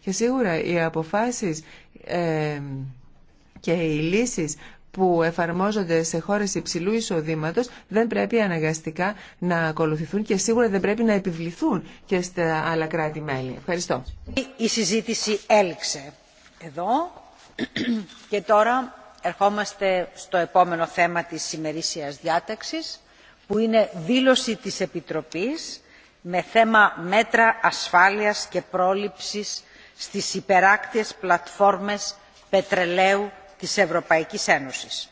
και σίγουρα οι αποφάσεις ε, και οι λύσεις που εφαρμόζονται σε χώρες υψηλού εισοδήματος δεν πρέπει αναγκαστικά να ακολουθηθούν και σίγουρα δεν πρέπει να επιβληθούν και στα άλλα κράτη-μέλη. Ευχαριστώ. Η συζήτηση έλξε εδώ και τώρα ερχόμαστε στο επόμενο θέμα της ημερήσιας διάταξης που είναι δήλωση της Επιτροπής με θέμα μέτρα ασφάλειας και πρόληψης στις υπεράκτιες πλατφόρμες πετρελαίου της Ευρωπαϊκής Ένωσης.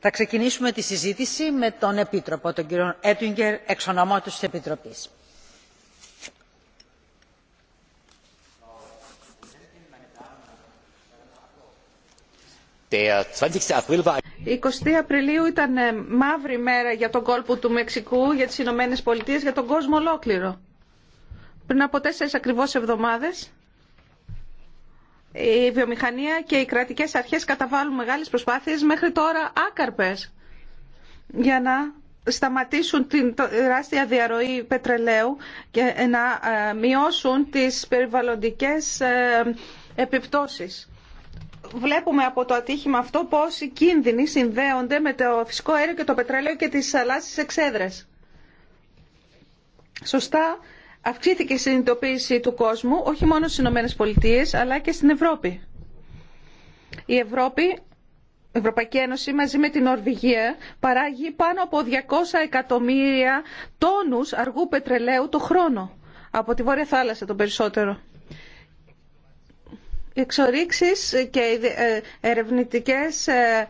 θα ξεκινήσουμε τη συζήτηση με τον επίτροπο τον κύριο oettinger εξ ονόματος της επιτροπής. Η 20 Απριλίου ήταν ε, μαύρη μέρα για τον κόλπο του Μεξικού, για τις Ηνωμένε Πολιτείες, για τον κόσμο ολόκληρο. Πριν από τέσσερις ακριβώς εβδομάδες, η βιομηχανία και οι κρατικές αρχές καταβάλουν μεγάλες προσπάθειες μέχρι τώρα άκαρπες για να σταματήσουν την τεράστια διαρροή πετρελαίου και να ε, μειώσουν τις περιβαλλοντικές ε, επιπτώσεις. Βλέπουμε από το ατύχημα αυτό πώς οι κίνδυνοι συνδέονται με το φυσικό αέριο και το πετρέλαιο και τις θαλάσσιες εξέδρες. Σωστά αυξήθηκε η συνειδητοποίηση του κόσμου, όχι μόνο στι Ηνωμένες Πολιτείες, αλλά και στην Ευρώπη. Η Ευρώπη, η Ευρωπαϊκή Ένωση μαζί με την Νορβηγία παράγει πάνω από 200 εκατομμύρια τόνους αργού πετρελαίου το χρόνο. Από τη Βόρεια Θάλασσα τον περισσότερο. Οι εξορίξεις και οι ε, ερευνητικές ε,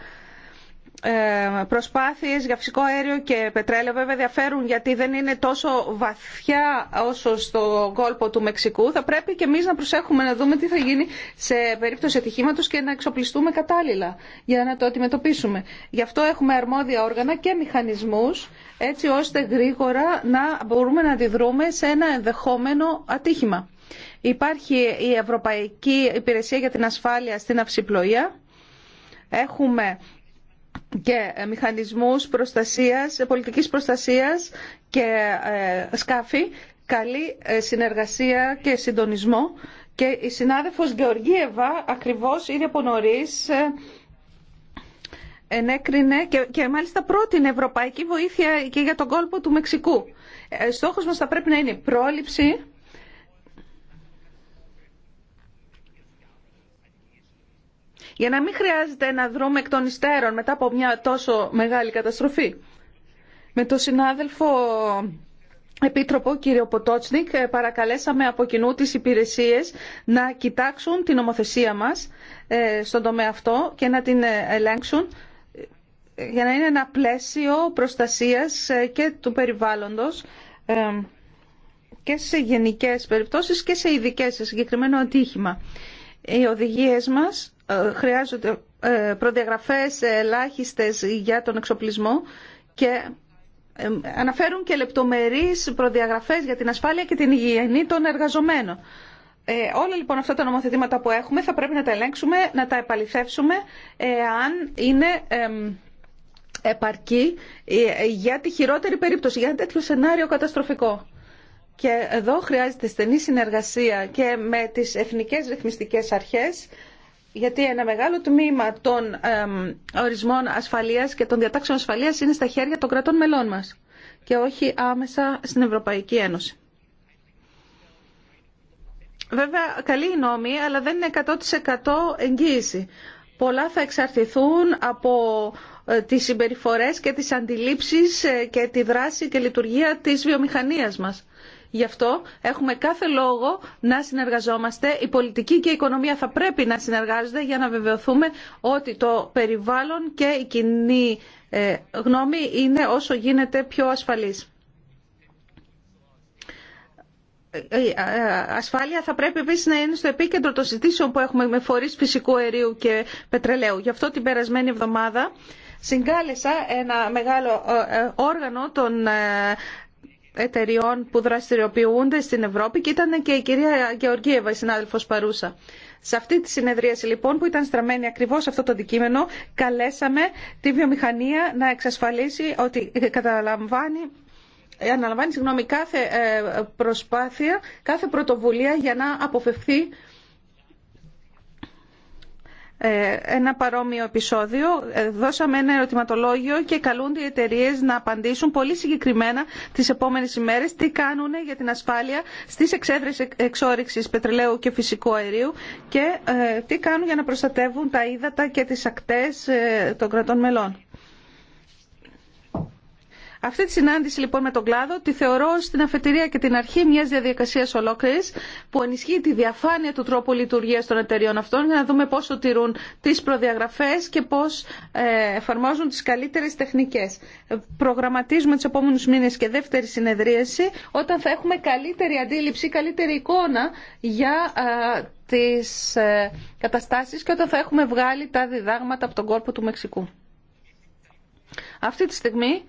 ε, προσπάθειες για φυσικό αέριο και πετρέλαιο βέβαια διαφέρουν γιατί δεν είναι τόσο βαθιά όσο στο κόλπο του Μεξικού. Θα πρέπει και εμείς να προσέχουμε να δούμε τι θα γίνει σε περίπτωση ατυχήματος και να εξοπλιστούμε κατάλληλα για να το αντιμετωπίσουμε. Γι' αυτό έχουμε αρμόδια όργανα και μηχανισμούς έτσι ώστε γρήγορα να μπορούμε να αντιδρούμε σε ένα ενδεχόμενο ατύχημα. Υπάρχει η Ευρωπαϊκή Υπηρεσία για την Ασφάλεια στην Αυσιπλοεία. Έχουμε και ε, μηχανισμούς προστασίας, ε, πολιτικής προστασίας και ε, σκάφη, καλή συνεργασία και συντονισμό. Και η συνάδελφος Γεωργίευα ακριβώς ήδη από νωρίς ενέκρινε και, και μάλιστα πρότεινε ευρωπαϊκή βοήθεια και για τον κόλπο του Μεξικού. Στόχος μας θα πρέπει να είναι η πρόληψη για να μην χρειάζεται να δρούμε εκ των υστέρων μετά από μια τόσο μεγάλη καταστροφή. Με τον συνάδελφο Επίτροπο κύριο Ποτότσνικ παρακαλέσαμε από κοινού τις υπηρεσίες να κοιτάξουν την ομοθεσία μας ε, στον τομέα αυτό και να την ελέγξουν ε, για να είναι ένα πλαίσιο προστασίας ε, και του περιβάλλοντος και σε γενικές περιπτώσεις και σε ειδικές, σε συγκεκριμένο ατύχημα. Οι οδηγίες μας ε, χρειάζονται ε, προδιαγραφές ελάχιστες για τον εξοπλισμό και ε, αναφέρουν και λεπτομερείς προδιαγραφές για την ασφάλεια και την υγιεινή των εργαζομένων. Ε, όλα λοιπόν αυτά τα νομοθετήματα που έχουμε θα πρέπει να τα ελέγξουμε, να τα επαληθεύσουμε αν είναι επαρκή για τη χειρότερη περίπτωση, για ένα τέτοιο σενάριο καταστροφικό. Και εδώ χρειάζεται στενή συνεργασία και με τις εθνικές ρυθμιστικές αρχές γιατί ένα μεγάλο τμήμα των ορισμών ασφαλείας και των διατάξεων ασφαλείας είναι στα χέρια των κρατών μελών μας και όχι άμεσα στην Ευρωπαϊκή Ένωση. Βέβαια, καλή η νόμη, αλλά δεν είναι 100% εγγύηση. Πολλά θα εξαρτηθούν από ε, τις συμπεριφορές και τις αντιλήψεις ε, και τη δράση και λειτουργία της βιομηχανίας μας. Γι' αυτό έχουμε κάθε λόγο να συνεργαζόμαστε. Η πολιτική και η οικονομία θα πρέπει να συνεργάζονται για να βεβαιωθούμε ότι το περιβάλλον και η κοινή ε, γνώμη είναι όσο γίνεται πιο ασφαλής. Η ε, ασφάλεια θα πρέπει επίσης να είναι στο επίκεντρο των συζητήσεων που έχουμε με φορείς φυσικού αερίου και πετρελαίου. Γι' αυτό την περασμένη εβδομάδα συγκάλεσα ένα μεγάλο ε, όργανο των εταιριών που δραστηριοποιούνται στην Ευρώπη και ήταν και η κυρία Γεωργίευα, η συνάδελφος παρούσα. Σε αυτή τη συνεδρίαση λοιπόν που ήταν στραμμένη ακριβώς αυτό το αντικείμενο, καλέσαμε τη βιομηχανία να εξασφαλίσει ότι καταλαμβάνει αναλαμβάνει συγγνώμη κάθε ε, προσπάθεια, κάθε πρωτοβουλία για να αποφευθεί ε, ένα παρόμοιο επεισόδιο. Ε, δώσαμε ένα ερωτηματολόγιο και καλούνται οι εταιρείε να απαντήσουν πολύ συγκεκριμένα τις επόμενες ημέρες τι κάνουν για την ασφάλεια στις εξέδρες εξόριξη πετρελαίου και φυσικού αερίου και ε, τι κάνουν για να προστατεύουν τα ύδατα και τις ακτές των κρατών μελών. Αυτή τη συνάντηση λοιπόν με τον κλάδο τη θεωρώ στην αφετηρία και την αρχή μια διαδικασία ολόκληρη που ενισχύει τη διαφάνεια του τρόπου λειτουργία των εταιριών αυτών για να δούμε πόσο τηρούν τι προδιαγραφέ και πώς ε, εφαρμόζουν τι καλύτερε τεχνικέ. Προγραμματίζουμε του επόμενου μήνε και δεύτερη συνεδρίαση όταν θα έχουμε καλύτερη αντίληψη, καλύτερη εικόνα για ε, τις ε, καταστάσει και όταν θα έχουμε βγάλει τα διδάγματα από τον κόρπο του Μεξικού. Αυτή τη στιγμή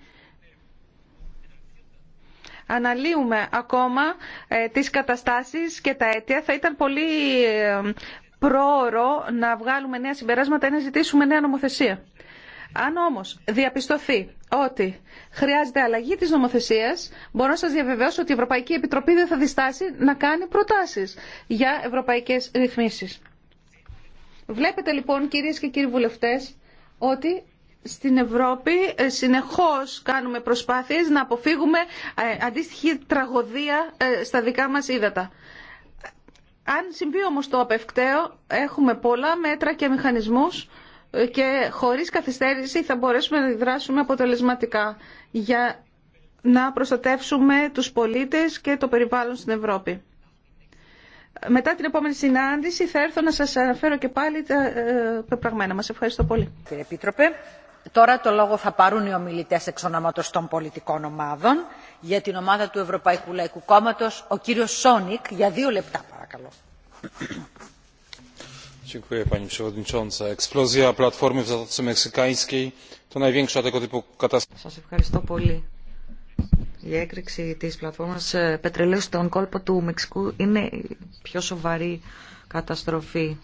αναλύουμε ακόμα ε, τις καταστάσεις και τα αίτια. Θα ήταν πολύ ε, πρόωρο να βγάλουμε νέα συμπεράσματα ή να ζητήσουμε νέα νομοθεσία. Αν όμως διαπιστωθεί ότι χρειάζεται αλλαγή της νομοθεσίας, μπορώ να σας διαβεβαιώσω ότι η Ευρωπαϊκή Επιτροπή δεν θα διστάσει να κάνει προτάσεις για ευρωπαϊκές ρυθμίσεις. Βλέπετε λοιπόν κυρίες και κύριοι βουλευτές ότι στην Ευρώπη ε, συνεχώς κάνουμε προσπάθειες να αποφύγουμε ε, αντίστοιχη τραγωδία ε, στα δικά μας ύδατα. Αν συμβεί όμως το απευκταίο, έχουμε πολλά μέτρα και μηχανισμούς και χωρίς καθυστέρηση θα μπορέσουμε να δράσουμε αποτελεσματικά για να προστατεύσουμε τους πολίτες και το περιβάλλον στην Ευρώπη. Μετά την επόμενη συνάντηση θα έρθω να σας αναφέρω και πάλι τα πεπραγμένα μας. Ευχαριστώ πολύ. Κύριε Επίτροπε. Τώρα το λόγο θα πάρουν οι ομιλητές εξ ονόματος των πολιτικών ομάδων. Για την ομάδα του Ευρωπαϊκού Λαϊκού Κόμματος, ο κύριος Σόνικ, για δύο λεπτά παρακαλώ. Dziękuję Pani Przewodnicząca. Eksplozja platformy w Zatoce Meksykańskiej to największa tego typu katastrofa. Σας ευχαριστώ πολύ. Η έκρηξη της πλατφόρμας ε, πετρελαίου στον κόλπο του Μεξικού είναι η πιο σοβαρή καταστροφή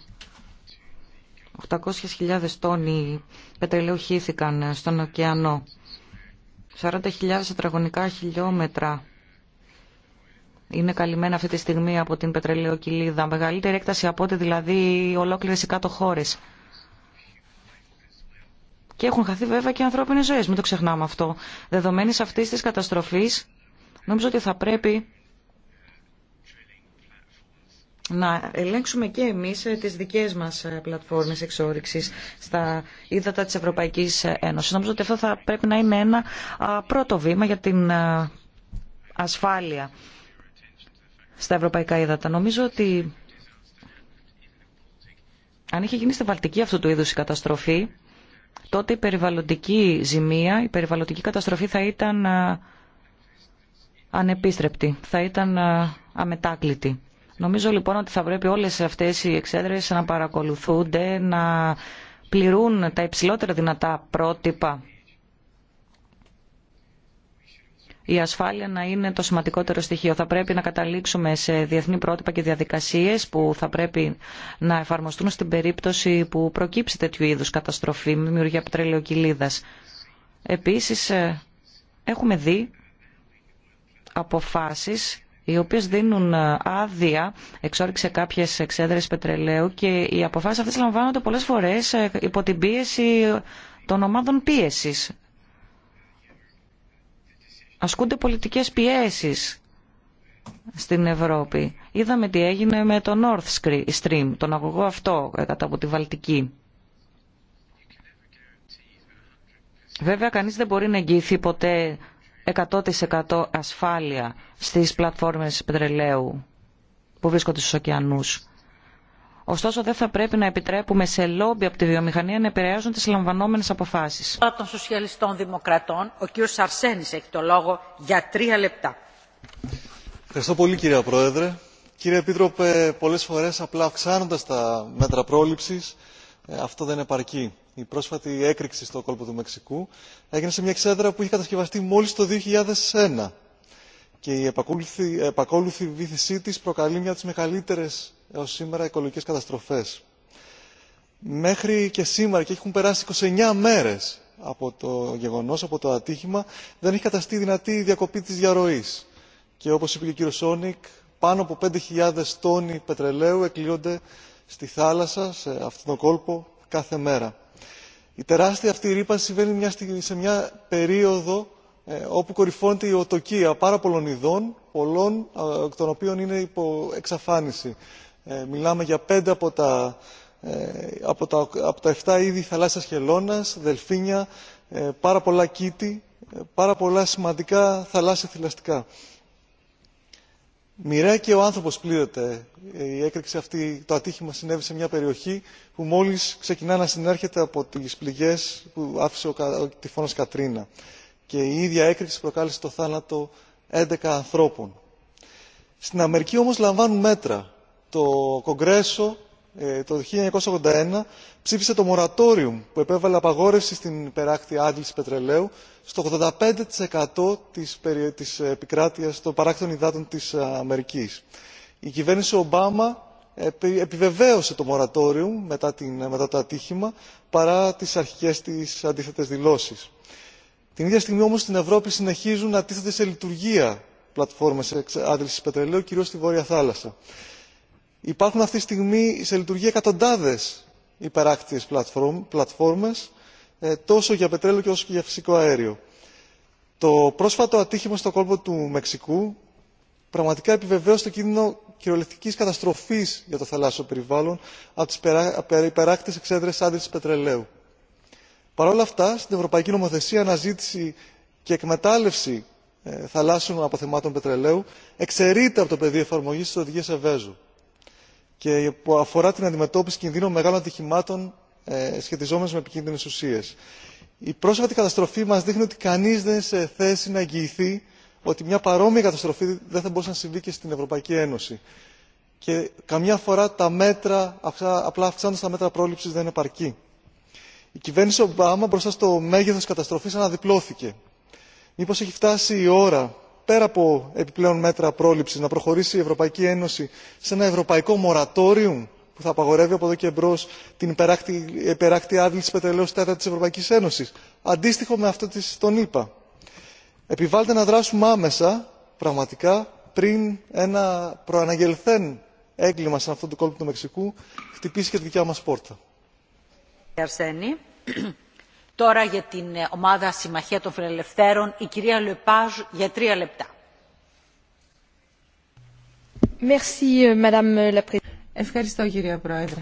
800.000 τόνοι πετρελαίου χύθηκαν στον ωκεανό. 40.000 τετραγωνικά χιλιόμετρα είναι καλυμμένα αυτή τη στιγμή από την πετρελαιοκυλίδα. Μεγαλύτερη έκταση από ό,τι δηλαδή ολόκληρε οι κάτω χώρε. Και έχουν χαθεί βέβαια και ανθρώπινε ζωέ, μην το ξεχνάμε αυτό. Δεδομένης αυτής της καταστροφής, νομίζω ότι θα πρέπει να ελέγξουμε και εμείς ε, τις δικές μας ε, πλατφόρμες εξόριξης στα ύδατα της Ευρωπαϊκής Ένωσης. Νομίζω ότι αυτό θα πρέπει να είναι ένα πρώτο βήμα για την ε, ασφάλεια στα ευρωπαϊκά ύδατα. Νομίζω ότι αν είχε γίνει στη Βαλτική αυτού του είδους η καταστροφή, τότε η περιβαλλοντική ζημία, η περιβαλλοντική καταστροφή θα ήταν ανεπίστρεπτη, θα ήταν αμετάκλητη. Νομίζω λοιπόν ότι θα πρέπει όλες αυτές οι εξέδρες να παρακολουθούνται, να πληρούν τα υψηλότερα δυνατά πρότυπα. Η ασφάλεια να είναι το σημαντικότερο στοιχείο. Θα πρέπει να καταλήξουμε σε διεθνή πρότυπα και διαδικασίες που θα πρέπει να εφαρμοστούν στην περίπτωση που προκύψει τέτοιου είδους καταστροφή με δημιουργία πετρελαιοκυλίδας. Επίσης, ε, έχουμε δει αποφάσεις οι οποίες δίνουν ε, άδεια σε κάποιες εξέδρες πετρελαίου και οι αποφάσεις αυτές λαμβάνονται πολλές φορές ε, υπό την πίεση των ομάδων πίεσης. Ασκούνται πολιτικές πιέσεις στην Ευρώπη. Είδαμε τι έγινε με το North Stream, τον αγωγό αυτό ε, κατά από τη Βαλτική. Βέβαια κανείς δεν μπορεί να εγγυηθεί ποτέ 100% ασφάλεια στις πλατφόρμες πετρελαίου που βρίσκονται στους ωκεανούς. Ωστόσο δεν θα πρέπει να επιτρέπουμε σε λόμπι από τη βιομηχανία να επηρεάζουν τις λαμβανόμενες αποφάσεις. Από των Σοσιαλιστών Δημοκρατών, ο κ. Σαρσένης έχει το λόγο για τρία λεπτά. Ευχαριστώ πολύ κύριε Πρόεδρε. Κύριε Επίτροπε, πολλές φορές απλά αυξάνοντα τα μέτρα πρόληψης, ε, αυτό δεν επαρκεί η πρόσφατη έκρηξη στο κόλπο του Μεξικού έγινε σε μια εξέδρα που είχε κατασκευαστεί μόλις το 2001 και η επακόλουθη βήθησή της προκαλεί μια από τις μεγαλύτερες έως σήμερα οικολογικές καταστροφές. Μέχρι και σήμερα, και έχουν περάσει 29 μέρες από το γεγονός, από το ατύχημα, δεν έχει καταστεί δυνατή η διακοπή της διαρροής. Και όπως είπε και ο κύριος Σόνικ, πάνω από 5.000 τόνοι πετρελαίου εκλείονται στη θάλασσα, σε αυτόν τον κόλπο, κάθε μέρα η τεράστια αυτή ρήπανση συμβαίνει σε μια περίοδο ε, όπου κορυφώνεται η οτοκία πάρα πολλών ειδών πολλών των οποίων είναι υπό εξαφάνιση. Ε, μιλάμε για πέντε ε, από τα, από τα, εφτά είδη θαλάσσιας χελώνας δελφίνια πάρα πολλά κήτη πάρα πολλά σημαντικά θαλάσσια θηλαστικά μοιραία και ο άνθρωπος πλήρωται. Ε, η έκρηξη αυτή, το ατύχημα συνέβη σε μια περιοχή που μόλις ξεκινά να συνέρχεται από τις πληγές που άφησε ο τυφώνας Κατρίνα. Και η ίδια έκρηξη προκάλεσε το θάνατο 11 ανθρώπων. Στην Αμερική όμως λαμβάνουν μέτρα. Το Κογκρέσο ε, το 1981 ψήφισε το μορατόριο που επέβαλε απαγόρευση στην υπεράκτη άντληση πετρελαίου στο 85% της ε, επικράτειας των παράκτων υδάτων της ε, αμερικής. η κυβέρνηση ομπάμα επιβεβαίωσε το μορατόριο μετά το ατύχημα παρά τις αρχικές της αντίθετες δηλώσεις. την ίδια στιγμή όμως στην ευρώπη συνεχίζουν να τίθενται σε λειτουργία πλατφόρμες άντλησης πετρελαίου κυρίως στη βόρεια θάλασσα. Υπάρχουν αυτή τη στιγμή σε λειτουργία εκατοντάδε υπεράκτιες πλατφόρμες ε, τόσο για πετρέλαιο όσο και για φυσικό αέριο. Το πρόσφατο ατύχημα στον κόλπο του Μεξικού πραγματικά επιβεβαίωσε το κίνδυνο κυριολεκτικής καταστροφής για το θαλάσσιο περιβάλλον από τις υπεράκτιε εξέδρες άδειας πετρελαίου. Παρ' όλα αυτά, στην Ευρωπαϊκή Νομοθεσία αναζήτηση και εκμετάλλευση ε, θαλάσσιων αποθεμάτων πετρελαίου εξαιρείται από το πεδίο εφαρμογής της οδηγίας εβέζου και που αφορά την αντιμετώπιση κινδύνων μεγάλων ατυχημάτων ε, σχετιζόμενων με επικίνδυνε ουσίε. Η πρόσφατη καταστροφή μα δείχνει ότι κανεί δεν είναι σε θέση να εγγυηθεί ότι μια παρόμοια καταστροφή δεν θα μπορούσε να συμβεί και στην Ευρωπαϊκή Ένωση. Και καμιά φορά τα μέτρα, απλά αυξάνοντα τα μέτρα πρόληψη, δεν είναι επαρκή. Η κυβέρνηση Ομπάμα μπροστά στο μέγεθο τη καταστροφή αναδιπλώθηκε. Μήπω έχει φτάσει η ώρα πέρα από επιπλέον μέτρα πρόληψης να προχωρήσει η ευρωπαϊκή ένωση σε ένα ευρωπαϊκό μορατόριο που θα απαγορεύει από εδώ και μπρος την υπεράκτη άδληση πετρελαίου στα της ευρωπαϊκής ένωσης αντίστοιχο με αυτό τον ηπα. επιβάλλεται να δράσουμε άμεσα πραγματικά πριν ένα προαναγγελθέν έγκλημα σε αυτό τον κόλπου του μεξικού χτυπήσει και τη δικιά μας πόρτα. Τώρα για την ε, ομάδα Συμμαχία των Φιλελευθέρων, η κυρία Λεπάζ για τρία λεπτά. Ε, Ευχαριστώ κυρία Πρόεδρε.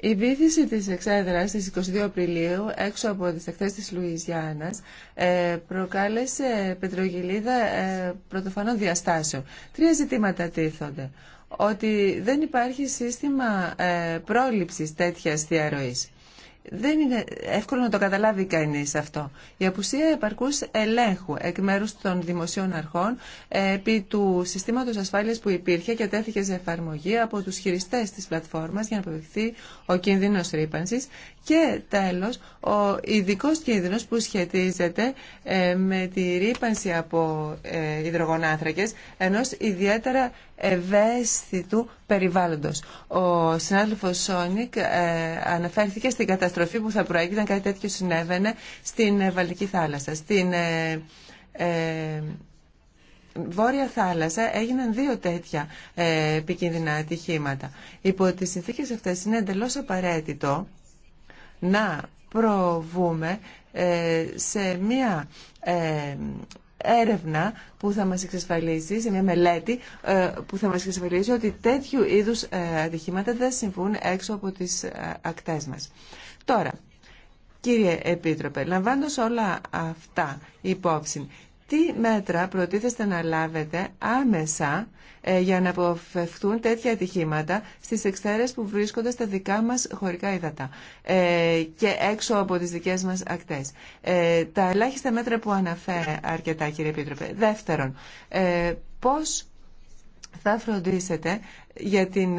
Η βήθηση της εξέδρας στις 22 Απριλίου έξω από τις εκθέσεις της Λουιζιάννας ε, προκάλεσε πετρογυλίδα πρωτοφανών διαστάσεων. Τρία ζητήματα τίθονται. Ότι δεν υπάρχει σύστημα πρόληψης τέτοιας διαρροής δεν είναι εύκολο να το καταλάβει κανεί αυτό. Η απουσία επαρκού ελέγχου εκ μέρου των δημοσίων αρχών ε, επί του συστήματος ασφάλειας που υπήρχε και τέθηκε σε εφαρμογή από τους χειριστές τη πλατφόρμας για να αποδειχθεί ο κίνδυνος ρήπανσης και τέλο, ο ειδικό κίνδυνος που σχετίζεται ε, με τη ρήπανση από ε, υδρογονάνθρακες ενό ιδιαίτερα ευαίσθητου περιβάλλοντος. Ο συνάδελφος Σόνικ ε, αναφέρθηκε στην καταστροφή που θα προέγινε κάτι τέτοιο συνέβαινε στην ε, Βαλική θάλασσα. Στην ε, Βόρεια Θάλασσα έγιναν δύο τέτοια επικίνδυνα ατυχήματα. Υπό τις συνθήκες αυτές είναι εντελώς απαραίτητο να προβούμε σε μία έρευνα που θα μας εξασφαλίσει, σε μια μελέτη ε, που θα μας εξασφαλίσει ότι τέτοιου είδους ε, ατυχήματα δεν συμβούν έξω από τις ε, ακτές μας. Τώρα, κύριε Επίτροπε, λαμβάνοντας όλα αυτά υπόψη, τι μέτρα προτίθεστε να λάβετε άμεσα ε, για να αποφευθούν τέτοια ατυχήματα στις εξαίρες που βρίσκονται στα δικά μας χωρικά ύδατα ε, και έξω από τις δικές μας ακτές. Ε, τα ελάχιστα μέτρα που αναφέρε αρκετά κύριε Επίτροπε. Δεύτερον, πώς θα φροντίσετε για την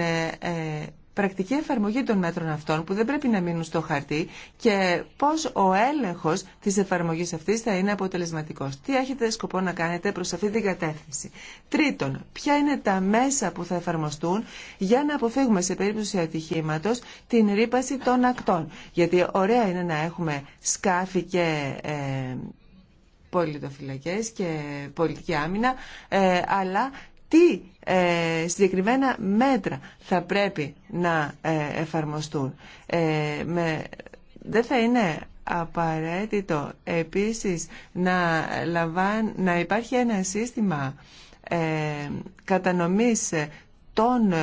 πρακτική εφαρμογή των μέτρων αυτών που δεν πρέπει να μείνουν στο χαρτί και πώς ο έλεγχος της εφαρμογής αυτής θα είναι αποτελεσματικός. Τι έχετε σκοπό να κάνετε προς αυτή την κατεύθυνση. Τρίτον, ποια είναι τα μέσα που θα εφαρμοστούν για να αποφύγουμε σε περίπτωση ατυχήματο την ρήπαση των ακτών. Γιατί ωραία είναι να έχουμε σκάφη και ε, πολιτοφυλακές και πολιτική άμυνα, ε, αλλά τι ε, συγκεκριμένα μέτρα θα πρέπει να ε, εφαρμοστούν. Ε, με, δεν θα είναι απαραίτητο επίσης να, να υπάρχει ένα σύστημα ε, κατανομής των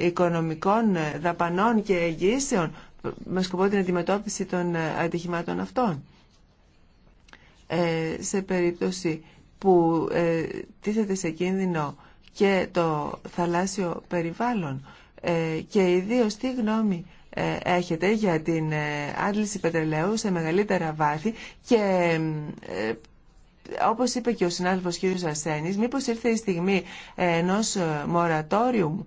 οικονομικών δαπανών και εγγύσεων με σκοπό την αντιμετώπιση των ατυχημάτων αυτών. σε περίπτωση που ε, τίθεται σε κίνδυνο και το θαλάσσιο περιβάλλον ε, και ιδίως τι γνώμη ε, έχετε για την άντληση πετρελαίου σε μεγαλύτερα βάθη και όπως είπε και ο συνάδελφος κ. Ασένης μήπως ήρθε η στιγμή ενός μορατόριου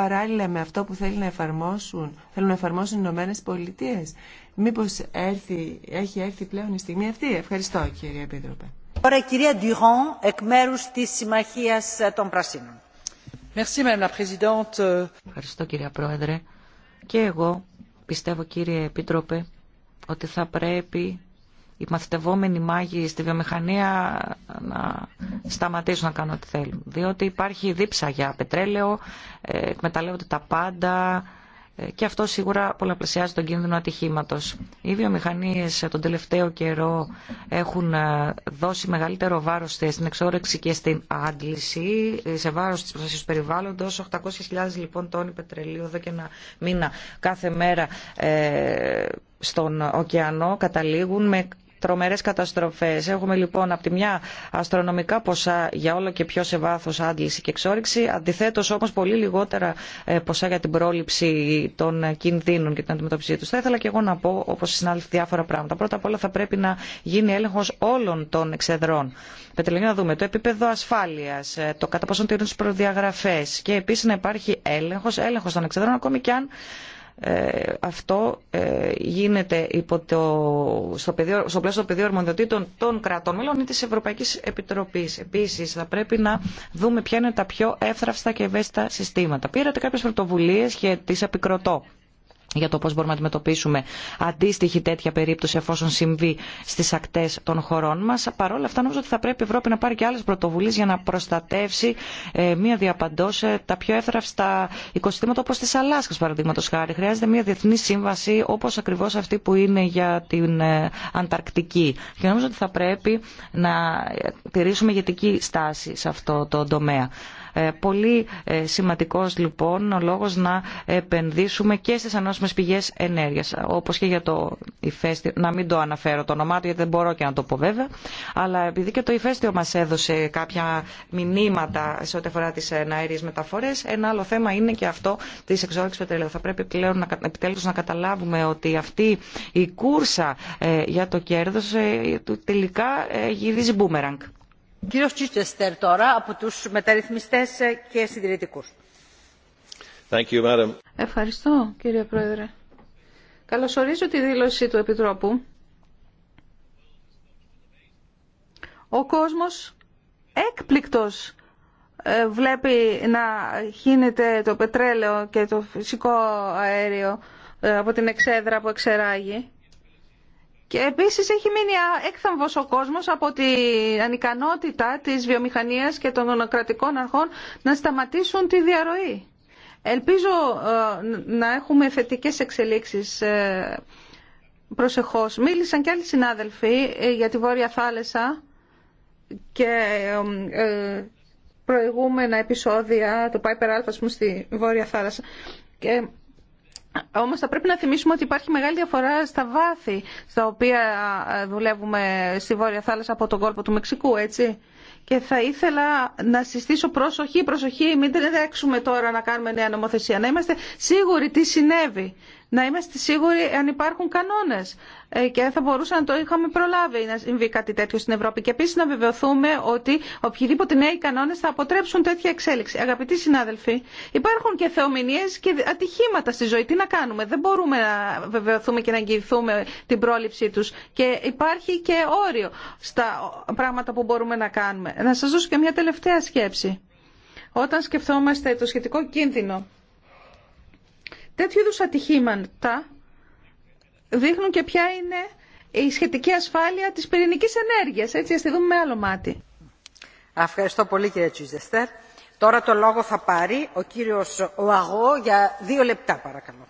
παράλληλα με αυτό που θέλει να εφαρμόσουν, θέλουν να εφαρμόσουν οι Ηνωμένε Πολιτείε. Μήπω έχει έρθει πλέον η στιγμή αυτή. Ευχαριστώ, κύριε Επίτροπε. Τώρα η κυρία Ντουρόν, εκ μέρου τη Συμμαχία των Πρασίνων. Ευχαριστώ, κυρία Πρόεδρε. Και εγώ πιστεύω, κύριε Επίτροπε, ότι θα πρέπει οι μαθητευόμενοι μάγοι στη βιομηχανία να σταματήσουν να κάνουν ό,τι θέλουν. Διότι υπάρχει δίψα για πετρέλαιο, ε, εκμεταλλεύονται τα πάντα ε, και αυτό σίγουρα πολλαπλασιάζει τον κίνδυνο ατυχήματο. Οι βιομηχανίε τον τελευταίο καιρό έχουν ε, δώσει μεγαλύτερο βάρο στην εξόρεξη και στην άντληση σε βάρο τη προστασία του περιβάλλοντος. 800.000 λοιπόν τόνοι πετρελίου εδώ και ένα μήνα κάθε μέρα στον ωκεανό καταλήγουν με Τρομερέ καταστροφέ. Έχουμε λοιπόν από τη μια αστρονομικά ποσά για όλο και πιο σε βάθο άντληση και εξόριξη, αντιθέτως όμω πολύ λιγότερα ε, ποσά για την πρόληψη των κινδύνων και την αντιμετώπιση τους. Θα ήθελα και εγώ να πω, όπως συνάδελφοι, διάφορα πράγματα. Πρώτα απ' όλα θα πρέπει να γίνει έλεγχος όλων των εξεδρών. Πετρελαιό να δούμε το επίπεδο ασφάλεια, ε, το κατά πόσο τηρούν τι προδιαγραφέ και επίση να υπάρχει έλεγχο, έλεγχο των εξεδρών ακόμη και αν ε, αυτό ε, γίνεται υπό το, στο, πεδίο, στο πλαίσιο των πεδίων των κρατών μέλων ή της Ευρωπαϊκής Επιτροπής. Επίσης, θα πρέπει να δούμε ποια είναι τα πιο εύθραυστα και ευαίσθητα συστήματα. Πήρατε κάποιες πρωτοβουλίε και τις επικροτώ για το πώ μπορούμε να αντιμετωπίσουμε αντίστοιχη τέτοια περίπτωση εφόσον συμβεί στι ακτέ των χωρών μα. Παρ' όλα αυτά νομίζω ότι θα πρέπει η Ευρώπη να πάρει και άλλε πρωτοβουλίες για να προστατεύσει ε, μία διαπαντό σε τα πιο εύθραυστα οικοσυστήματα όπω τη Αλλάσκα, παραδείγματο χάρη. Χρειάζεται μία διεθνή σύμβαση όπω ακριβώ αυτή που είναι για την ε, Ανταρκτική. Και νομίζω ότι θα πρέπει να ε, τηρήσουμε ηγετική στάση σε αυτό το τομέα. Ε, πολύ ε, σημαντικός λοιπόν ο λόγος να επενδύσουμε και στις ανώσιμες πηγές ενέργειας, όπως και για το ηφαίστειο, να μην το αναφέρω το όνομά του γιατί δεν μπορώ και να το πω βέβαια, αλλά επειδή και το ηφαίστειο μας έδωσε κάποια μηνύματα σε ό,τι αφορά τις ε, αέριες μεταφορές, ένα άλλο θέμα είναι και αυτό της εξόρυξης πετρελαίου. Θα πρέπει πλέον να, επιτέλους να καταλάβουμε ότι αυτή η κούρσα για το κέρδος τελικά γυρίζει μπούμεραγκ. Κύριος Τσίτσεστερ τώρα από τους μεταρρυθμιστές και συντηρητικούς. Ευχαριστώ κύριε Πρόεδρε. Καλωσορίζω τη δήλωση του Επιτρόπου. Ο κόσμος έκπληκτος ε, βλέπει να χύνεται το πετρέλαιο και το φυσικό αέριο ε, από την εξέδρα που εξεράγει. Και επίσης έχει μείνει έκθαμβος ο κόσμος από την ανικανότητα της βιομηχανίας και των κρατικών αρχών να σταματήσουν τη διαρροή. Ελπίζω ε, να έχουμε θετικές εξελίξεις ε, προσεχώς. Μίλησαν και άλλοι συνάδελφοι ε, για τη Βόρεια Θάλασσα και προηγούμενα επεισόδια, το Piper Alpha στη Βόρεια Θάλασσα. Και Όμω θα πρέπει να θυμίσουμε ότι υπάρχει μεγάλη διαφορά στα βάθη στα οποία ε, δουλεύουμε στη Βόρεια Θάλασσα από τον κόλπο του Μεξικού, έτσι. Και θα ήθελα να συστήσω προσοχή, προσοχή, μην τρέξουμε τώρα να κάνουμε νέα νομοθεσία. Να είμαστε σίγουροι τι συνέβη να είμαστε σίγουροι αν υπάρχουν κανόνες ε, και θα μπορούσα να το είχαμε προλάβει να συμβεί κάτι τέτοιο στην Ευρώπη. Και επίση να βεβαιωθούμε ότι οποιοδήποτε νέοι κανόνε θα αποτρέψουν τέτοια εξέλιξη. Αγαπητοί συνάδελφοι, υπάρχουν και θεομηνίες και ατυχήματα στη ζωή. Τι να κάνουμε. Δεν μπορούμε να βεβαιωθούμε και να εγγυηθούμε την πρόληψή του. Και υπάρχει και όριο στα πράγματα που μπορούμε να κάνουμε. Να σα δώσω και μια τελευταία σκέψη. Όταν σκεφτόμαστε το σχετικό κίνδυνο Τέτοιου είδου ατυχήματα δείχνουν και ποια είναι η σχετική ασφάλεια της πυρηνικής ενέργειας. Έτσι, ας τη δούμε με άλλο μάτι. Ευχαριστώ πολύ κύριε Τσίζεστερ. Τώρα το λόγο θα πάρει ο κύριος Οαγό για δύο λεπτά παρακαλώ.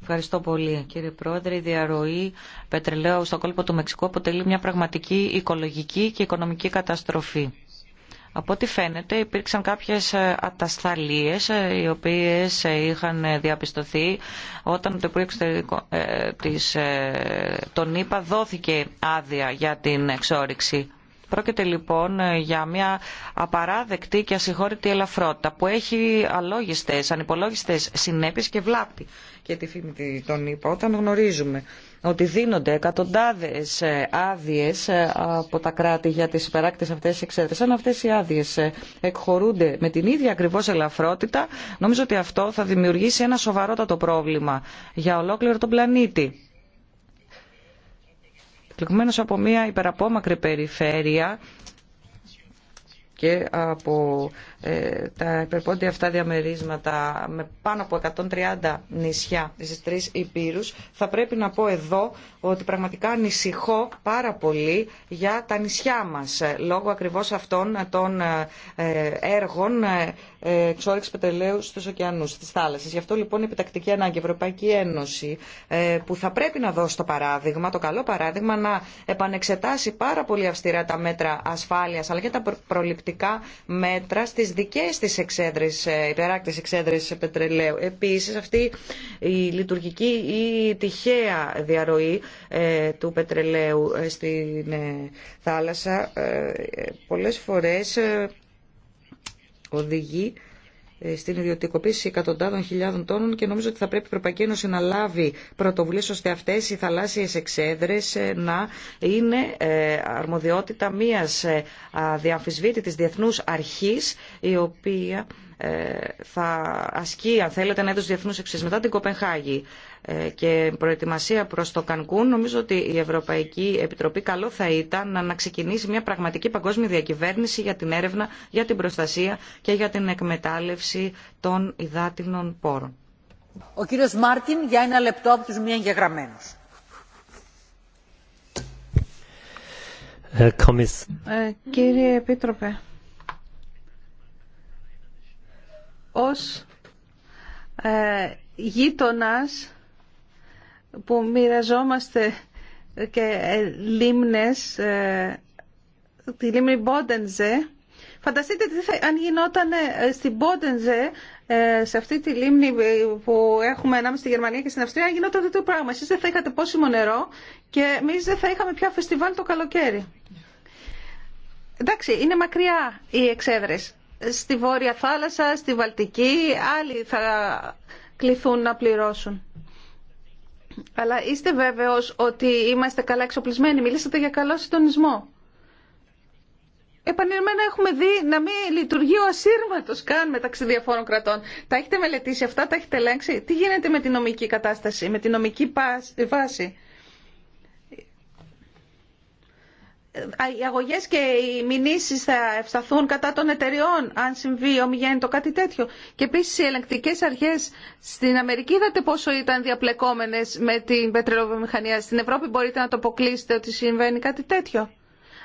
Ευχαριστώ πολύ κύριε Πρόεδρε. Η διαρροή πετρελαίου στο κόλπο του Μεξικού αποτελεί μια πραγματική οικολογική και οικονομική καταστροφή. Από ό,τι φαίνεται υπήρξαν κάποιες ε, ατασταλίες ε, οι οποίες ε, είχαν διαπιστωθεί όταν το Υπουργείο της, τον δόθηκε άδεια για την εξόριξη Πρόκειται λοιπόν ε, για μια απαράδεκτη και ασυγχώρητη ελαφρότητα που έχει αλόγιστες, ανυπολόγιστες συνέπειες και βλάπτει. Και τη φήμη τον είπα, όταν γνωρίζουμε ότι δίνονται εκατοντάδες ε, άδειες ε, από τα κράτη για τις υπεράκτητες αυτές εξέδρες. Αν αυτές οι άδειες εκχωρούνται με την ίδια ακριβώς ελαφρότητα, νομίζω ότι αυτό θα δημιουργήσει ένα σοβαρότατο πρόβλημα για ολόκληρο τον πλανήτη εκλεγμένος από μια υπεραπόμακρη περιφέρεια και από ε, τα υπερπόντια αυτά διαμερίσματα με πάνω από 130 νησιά στις τρεις υπήρους θα πρέπει να πω εδώ ότι πραγματικά ανησυχώ πάρα πολύ για τα νησιά μας ε, λόγω ακριβώς αυτών ε, των ε, έργων ε, εξόριξη πετρελαίου στους ωκεανούς, στις θάλασσες. Γι' αυτό λοιπόν η επιτακτική ανάγκη η Ευρωπαϊκή Ένωση που θα πρέπει να δώσει το παράδειγμα, το καλό παράδειγμα να επανεξετάσει πάρα πολύ αυστηρά τα μέτρα ασφάλειας αλλά και τα προληπτικά προληπτικά μέτρα στις δικές της εξέδρες, ε, υπεράκτες εξέδρες πετρελαίου. Επίσης αυτή η λειτουργική ή τυχαία διαρροή ε, του πετρελαίου ε, στην θάλασσα πολλές φορές οδηγεί ε, στην ιδιωτικοποίηση εκατοντάδων χιλιάδων τόνων και νομίζω ότι θα πρέπει η Ευρωπαϊκή Ένωση να λάβει πρωτοβουλίες ώστε αυτές οι θαλάσσιες εξέδρες ε, να είναι ε, αρμοδιότητα μιας αδιαμφισβήτητης διεθνούς αρχής η οποία ε, θα ασκεί, αν θέλετε, ένα είδος διεθνούς εξής μετά την Κοπενχάγη ε, και προετοιμασία προς το Κανκούν, νομίζω ότι η Ευρωπαϊκή Επιτροπή καλό θα ήταν να ξεκινήσει μια πραγματική παγκόσμια διακυβέρνηση για την έρευνα, για την προστασία και για την εκμετάλλευση των υδάτινων πόρων. Ο κύριος Μάρτιν για ένα λεπτό τους ε, κύριε Επίτροπε, ως ε, γείτονας που μοιραζόμαστε και ε, λίμνες, ε, τη λίμνη Μπόντενζε. Φανταστείτε τι θα, αν γινόταν ε, στην Μπόντενζε, σε αυτή τη λίμνη που έχουμε ανάμεσα στη Γερμανία και στην Αυστρία, αν γινόταν αυτό το πράγμα. Εσείς δεν θα είχατε πόσιμο νερό και εμεί δεν θα είχαμε πια φεστιβάλ το καλοκαίρι. Εντάξει, είναι μακριά οι εξέδρες στη Βόρεια Θάλασσα, στη Βαλτική, άλλοι θα κληθούν να πληρώσουν. Αλλά είστε βέβαιος ότι είμαστε καλά εξοπλισμένοι. Μιλήσατε για καλό συντονισμό. Επανειλημμένα έχουμε δει να μην λειτουργεί ο ασύρματος καν μεταξύ διαφόρων κρατών. Τα έχετε μελετήσει αυτά, τα έχετε ελέγξει. Τι γίνεται με τη νομική κατάσταση, με την νομική βάση. Ε, οι αγωγέ και οι μηνύσει θα ευσταθούν κατά των εταιριών αν συμβεί το κάτι τέτοιο. Και επίση οι ελεγκτικέ αρχές στην Αμερική είδατε πόσο ήταν διαπλεκόμενε με την πετρελοβιομηχανία. Στην Ευρώπη μπορείτε να το αποκλείσετε ότι συμβαίνει κάτι τέτοιο.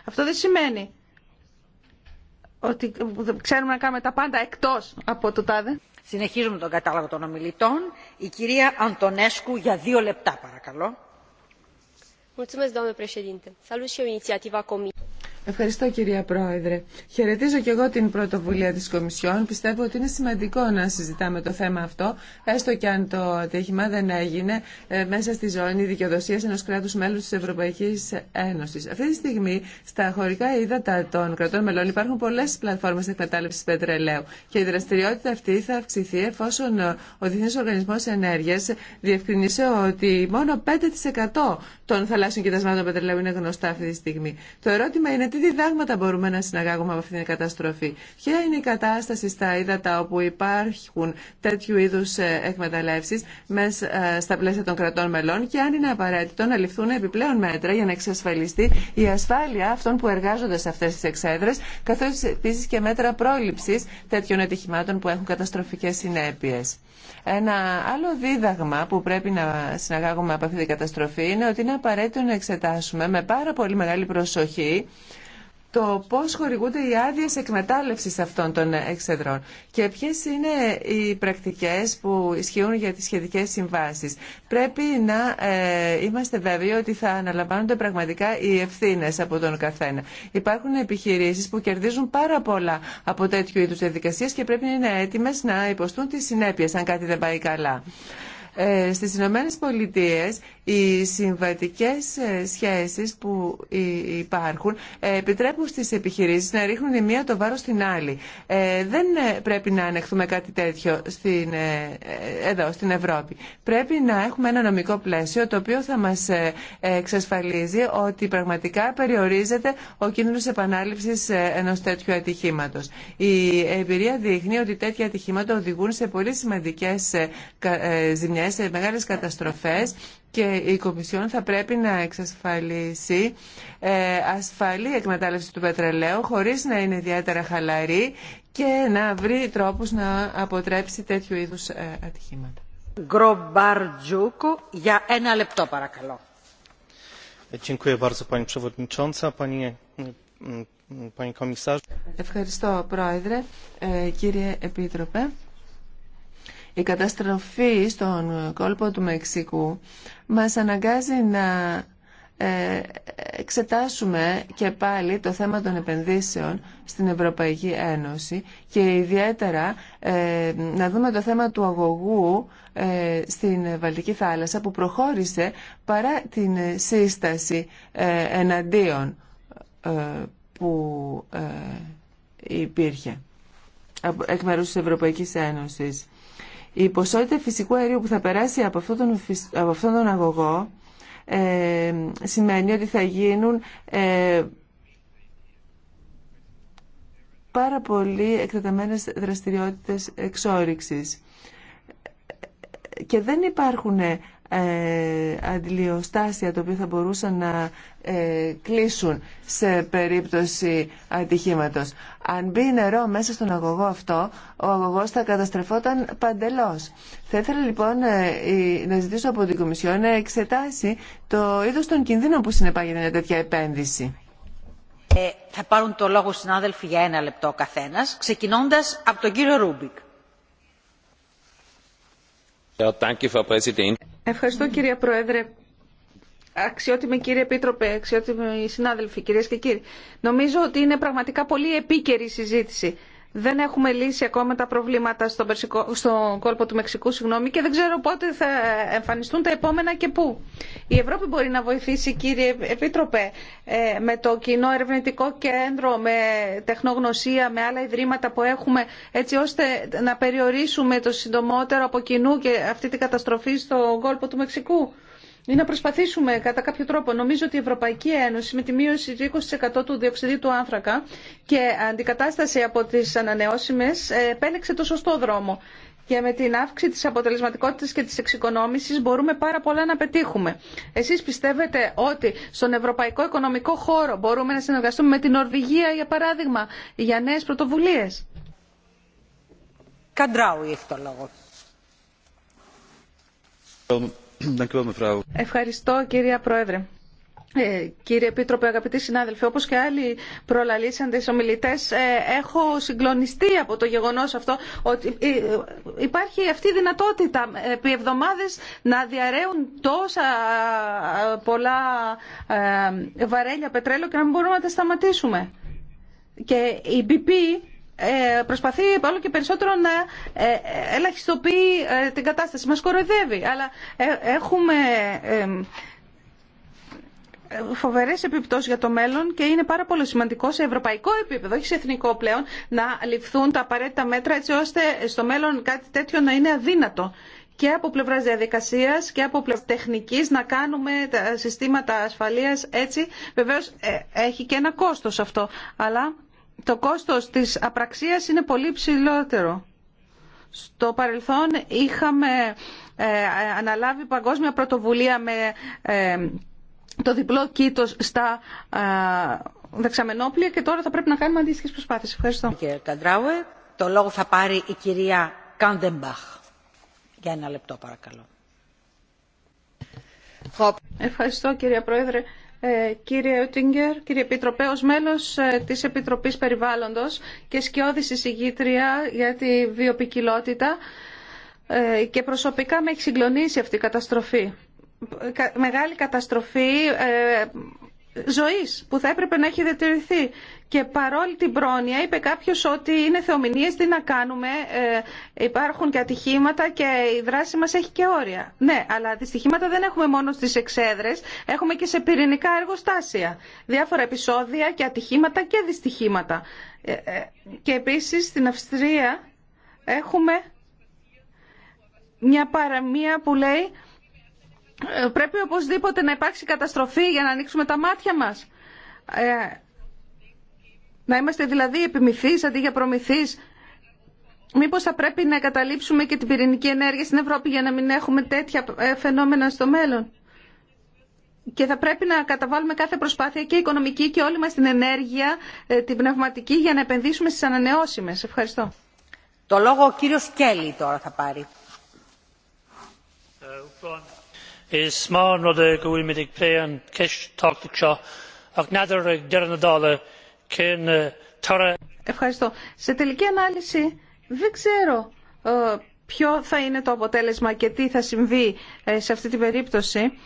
Αυτό δεν σημαίνει ότι ξέρουμε να κάνουμε τα πάντα εκτό από το τάδε. Συνεχίζουμε τον κατάλογο των ομιλητών. Η κυρία Αντωνέσκου για δύο λεπτά παρακαλώ salut i eu iniiativa comisiei. Ευχαριστώ κυρία Πρόεδρε. Χαιρετίζω και εγώ την πρωτοβουλία της Κομισιόν. Πιστεύω ότι είναι σημαντικό να συζητάμε το θέμα αυτό, έστω και αν το ατύχημα δεν έγινε ε, μέσα στη ζώνη δικαιοδοσίας ενός κράτους μέλους της Ευρωπαϊκής Ένωσης. Αυτή τη στιγμή στα χωρικά ύδατα των κρατών μελών υπάρχουν πολλές πλατφόρμες εκμετάλλευσης πετρελαίου και η δραστηριότητα αυτή θα αυξηθεί εφόσον ε, ο Διεθνή Οργανισμός Ενέργειας διευκρινίσε ότι μόνο 5% των θαλάσσιων κοιτασμάτων πετρελαίου είναι γνωστά αυτή τη στιγμή. Το ερώτημα είναι τι τι διδάγματα μπορούμε να συναγάγουμε από αυτήν την καταστροφή. Ποια είναι η κατάσταση στα ύδατα όπου υπάρχουν τέτοιου είδου ε, εκμεταλλεύσει ε, στα πλαίσια των κρατών μελών και αν είναι απαραίτητο να ληφθούν επιπλέον μέτρα για να εξασφαλιστεί η ασφάλεια αυτών που εργάζονται σε αυτέ τι εξέδρε, καθώ επίση και μέτρα πρόληψη τέτοιων ατυχημάτων που έχουν καταστροφικέ συνέπειε. Ένα άλλο δίδαγμα που πρέπει να συναγάγουμε από αυτή την καταστροφή είναι ότι είναι απαραίτητο να εξετάσουμε με πάρα πολύ μεγάλη προσοχή το πώς χορηγούνται οι άδειες εκμετάλλευσης αυτών των εξεδρών και ποιες είναι οι πρακτικές που ισχύουν για τις σχετικές συμβάσεις. Πρέπει να ε, είμαστε βέβαιοι ότι θα αναλαμβάνονται πραγματικά οι ευθύνε από τον καθένα. Υπάρχουν επιχειρήσεις που κερδίζουν πάρα πολλά από τέτοιου είδους διαδικασίες και πρέπει να είναι έτοιμες να υποστούν τις συνέπειες αν κάτι δεν πάει καλά. Ε, στις Ηνωμένες Πολιτείες οι συμβατικές ε, σχέσεις που υπάρχουν ε, επιτρέπουν στις επιχειρήσεις να ρίχνουν η μία το βάρος στην άλλη. Δεν πρέπει να ανεχθούμε κάτι τέτοιο στην, εδώ στην Ευρώπη. Πρέπει να έχουμε ένα νομικό πλαίσιο το οποίο θα μας εξασφαλίζει ότι πραγματικά περιορίζεται ο κίνδυνος επανάληψης ενός τέτοιου ατυχήματος. Η εμπειρία δείχνει ότι τέτοια ατυχήματα οδηγούν σε πολύ σημαντικές ζημιές σε μεγάλες καταστροφές και η Κομισιόν θα πρέπει να εξασφαλίσει ε, ασφαλή εκμετάλλευση του πετρελαίου χωρίς να είναι ιδιαίτερα χαλαρή και να βρει τρόπους να αποτρέψει τέτοιου είδους ε, ατυχήματα. για ένα λεπτό παρακαλώ. Mm, mm, Ευχαριστώ, Πρόεδρε. Ε, κύριε Επίτροπε. Η καταστροφή στον κόλπο του Μεξικού μας αναγκάζει να ε, εξετάσουμε και πάλι το θέμα των επενδύσεων στην Ευρωπαϊκή Ένωση και ιδιαίτερα ε, να δούμε το θέμα του αγωγού ε, στην Βαλτική θάλασσα που προχώρησε παρά την σύσταση εναντίον που υπήρχε εκ μέρους της Ευρωπαϊκής Ένωσης. Η ποσότητα φυσικού αερίου που θα περάσει από αυτόν τον, από αγωγό ε, σημαίνει ότι θα γίνουν ε, πάρα πολύ εκτεταμένες δραστηριότητες εξόρυξης. Και δεν υπάρχουν ε, αντιλιοστάσια τα οποία θα μπορούσαν να ε, κλείσουν σε περίπτωση ατυχήματος. Αν μπει νερό μέσα στον αγωγό αυτό, ο αγωγός θα καταστρεφόταν παντελώς. Θα ήθελα λοιπόν ε, να ζητήσω από την Κομισιόν να εξετάσει το είδο των κινδύνων που συνεπάγεται μια τέτοια επένδυση. Ε, θα πάρουν το λόγο συνάδελφοι για ένα λεπτό ο καθένας, ξεκινώντας από τον κύριο Ρούμπικ. Ε, Ευχαριστώ κυρία Πρόεδρε. Αξιότιμη κύριε Επίτροπε, αξιότιμοι συνάδελφοι, κυρίες και κύριοι. Νομίζω ότι είναι πραγματικά πολύ επίκαιρη η συζήτηση δεν έχουμε λύσει ακόμα τα προβλήματα στον, κόλπο του Μεξικού συγγνώμη, και δεν ξέρω πότε θα εμφανιστούν τα επόμενα και πού. Η Ευρώπη μπορεί να βοηθήσει, κύριε Επίτροπε, ε, με το κοινό ερευνητικό κέντρο, με τεχνογνωσία, με άλλα ιδρύματα που έχουμε, έτσι ώστε να περιορίσουμε το συντομότερο από κοινού και αυτή την καταστροφή στον κόλπο του Μεξικού ή να προσπαθήσουμε κατά κάποιο τρόπο. Νομίζω ότι η Ευρωπαϊκή Ένωση με τη μείωση 20% του διοξιδίου του άνθρακα και αντικατάσταση από τις ανανεώσιμες ε, επέλεξε το σωστό δρόμο. Και με την αύξηση της αποτελεσματικότητας και της εξοικονόμησης μπορούμε πάρα πολλά να πετύχουμε. Εσείς πιστεύετε ότι στον ευρωπαϊκό οικονομικό χώρο μπορούμε να συνεργαστούμε με την Νορβηγία, για παράδειγμα, για νέες πρωτοβουλίες. Καντράου έχει το ε, Ευχαριστώ κυρία Πρόεδρε. Ε, κύριε Επίτροπε, αγαπητοί συνάδελφοι, όπως και άλλοι προλαλήσαντες ομιλητές, ε, έχω συγκλονιστεί από το γεγονός αυτό ότι ε, υπάρχει αυτή η δυνατότητα επί εβδομάδες να διαραίουν τόσα πολλά βαρέλια πετρέλαιο και να μην μπορούμε να τα σταματήσουμε. Και η BP ε, προσπαθεί όλο και περισσότερο να ε, ελαχιστοποιεί ε, την κατάσταση. Μας κοροϊδεύει, αλλά έχουμε φοβερέ επιπτώσει για το μέλλον και είναι πάρα πολύ σημαντικό σε ευρωπαϊκό επίπεδο, όχι σε εθνικό πλέον, να ληφθούν τα απαραίτητα μέτρα έτσι ώστε στο μέλλον κάτι τέτοιο να είναι αδύνατο. Και από πλευρά διαδικασία και από πλευρά τεχνική να κάνουμε τα συστήματα ασφαλεία έτσι. Βεβαίω έχει και ένα κόστο αυτό. Αλλά το κόστος της απραξίας είναι πολύ ψηλότερο. Στο παρελθόν είχαμε ε, αναλάβει παγκόσμια πρωτοβουλία με ε, το διπλό κήτος στα ε, δεξαμενόπλια και τώρα θα πρέπει να κάνουμε αντίστοιχες προσπάθειες. Ευχαριστώ. Κύριε Καντράουε, το λόγο θα πάρει η κυρία Κάντεμπαχ. Για ένα λεπτό παρακαλώ. Ευχαριστώ κυρία Πρόεδρε. Ε, κύριε Ούτιγκερ, κύριε Επίτροπε, ως μέλος ε, της Επιτροπής Περιβάλλοντος και σκιώδη εισηγήτρια για τη βιοπικιλότητα ε, και προσωπικά με έχει συγκλονίσει αυτή η καταστροφή. Μεγάλη καταστροφή ζωής που θα έπρεπε να έχει διατηρηθεί και παρόλη την πρόνοια είπε κάποιο ότι είναι θεομηνίες, τι να κάνουμε, ε, υπάρχουν και ατυχήματα και η δράση μας έχει και όρια. Ναι, αλλά δυστυχήματα δεν έχουμε μόνο στις εξέδρες, έχουμε και σε πυρηνικά εργοστάσια. Διάφορα επεισόδια και ατυχήματα και δυστυχήματα. Ε, ε, και επίσης στην Αυστρία έχουμε μια παραμία που λέει πρέπει οπωσδήποτε να υπάρξει καταστροφή για να ανοίξουμε τα μάτια μας. Να είμαστε δηλαδή επιμηθεί αντί για προμηθεί, Μήπως θα πρέπει να καταλήψουμε και την πυρηνική ενέργεια στην Ευρώπη για να μην έχουμε τέτοια φαινόμενα στο μέλλον. Και θα πρέπει να καταβάλουμε κάθε προσπάθεια και οικονομική και όλη μας την ενέργεια, ε, την πνευματική, για να επενδύσουμε στις ανανεώσιμες. Ευχαριστώ. Το λόγο ο κύριος Κέλλη τώρα θα πάρει. Ε, Uh, Ευχαριστώ. Σε τελική ανάλυση δεν ξέρω ε, ποιο θα είναι το αποτέλεσμα και τι θα συμβεί ε, σε αυτή την περίπτωση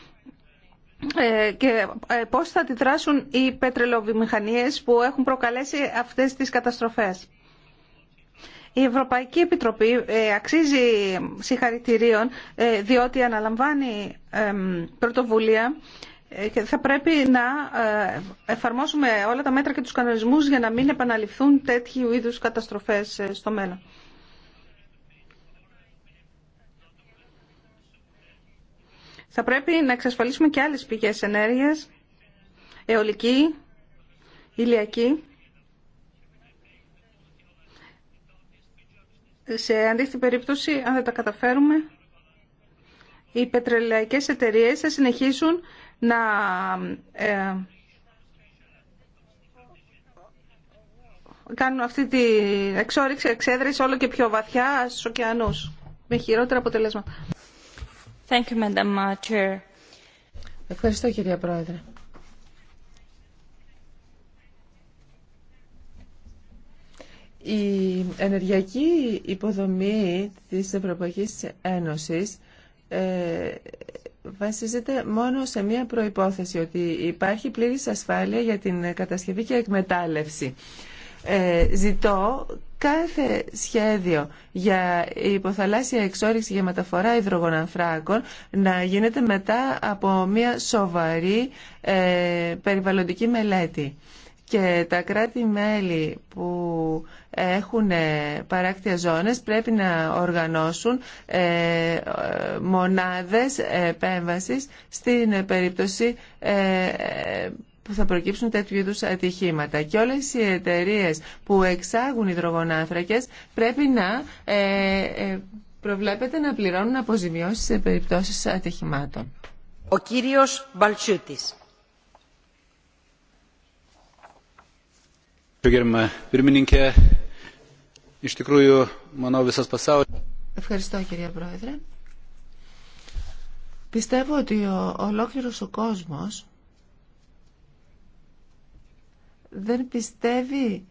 ε, και πώς θα αντιδράσουν οι πετρελοβιομηχανίες που έχουν προκαλέσει αυτές τις καταστροφές. Η Ευρωπαϊκή Επιτροπή αξίζει συγχαρητηρίων διότι αναλαμβάνει πρωτοβουλία θα πρέπει να ε, εφαρμόσουμε όλα τα μέτρα και τους κανονισμούς για να μην επαναληφθούν τέτοιου είδους καταστροφές ε, στο μέλλον. Θα πρέπει να εξασφαλίσουμε και άλλες πηγές ενέργειας, αιωλική, ηλιακή, σε αντίστοιχη περίπτωση, αν δεν τα καταφέρουμε, οι πετρελαϊκές εταιρείες θα συνεχίσουν να ε, κάνουν αυτή την εξόριξη, εξέδρεση όλο και πιο βαθιά στους ωκεανούς, με χειρότερα αποτελέσματα. Thank you, Madam uh, Chair. Ευχαριστώ, κυρία Πρόεδρε. Η ενεργειακή υποδομή της Ευρωπαϊκής Ένωσης ε, βασίζεται μόνο σε μία προϋπόθεση ότι υπάρχει πλήρης ασφάλεια για την κατασκευή και εκμετάλλευση. Ε, ζητώ κάθε σχέδιο για υποθαλάσσια εξόριξη για μεταφορά υδρογονανθράκων να γίνεται μετά από μία σοβαρή ε, περιβαλλοντική μελέτη. Και τα κράτη-μέλη που έχουν ε, παράκτια ζώνες πρέπει να οργανώσουν ε, ε, μονάδες επέμβασης στην περίπτωση που θα προκύψουν τέτοιου είδους ατυχήματα. Και όλες οι εταιρείες που εξάγουν υδρογονάνθρακες πρέπει να προβλέπεται να πληρώνουν αποζημιώσεις σε περιπτώσεις ατυχημάτων. Ο κύριος Ευχαριστώ κυρία Πρόεδρε. Πιστεύω ότι ο ολόκληρος ο κόσμος δεν πιστεύει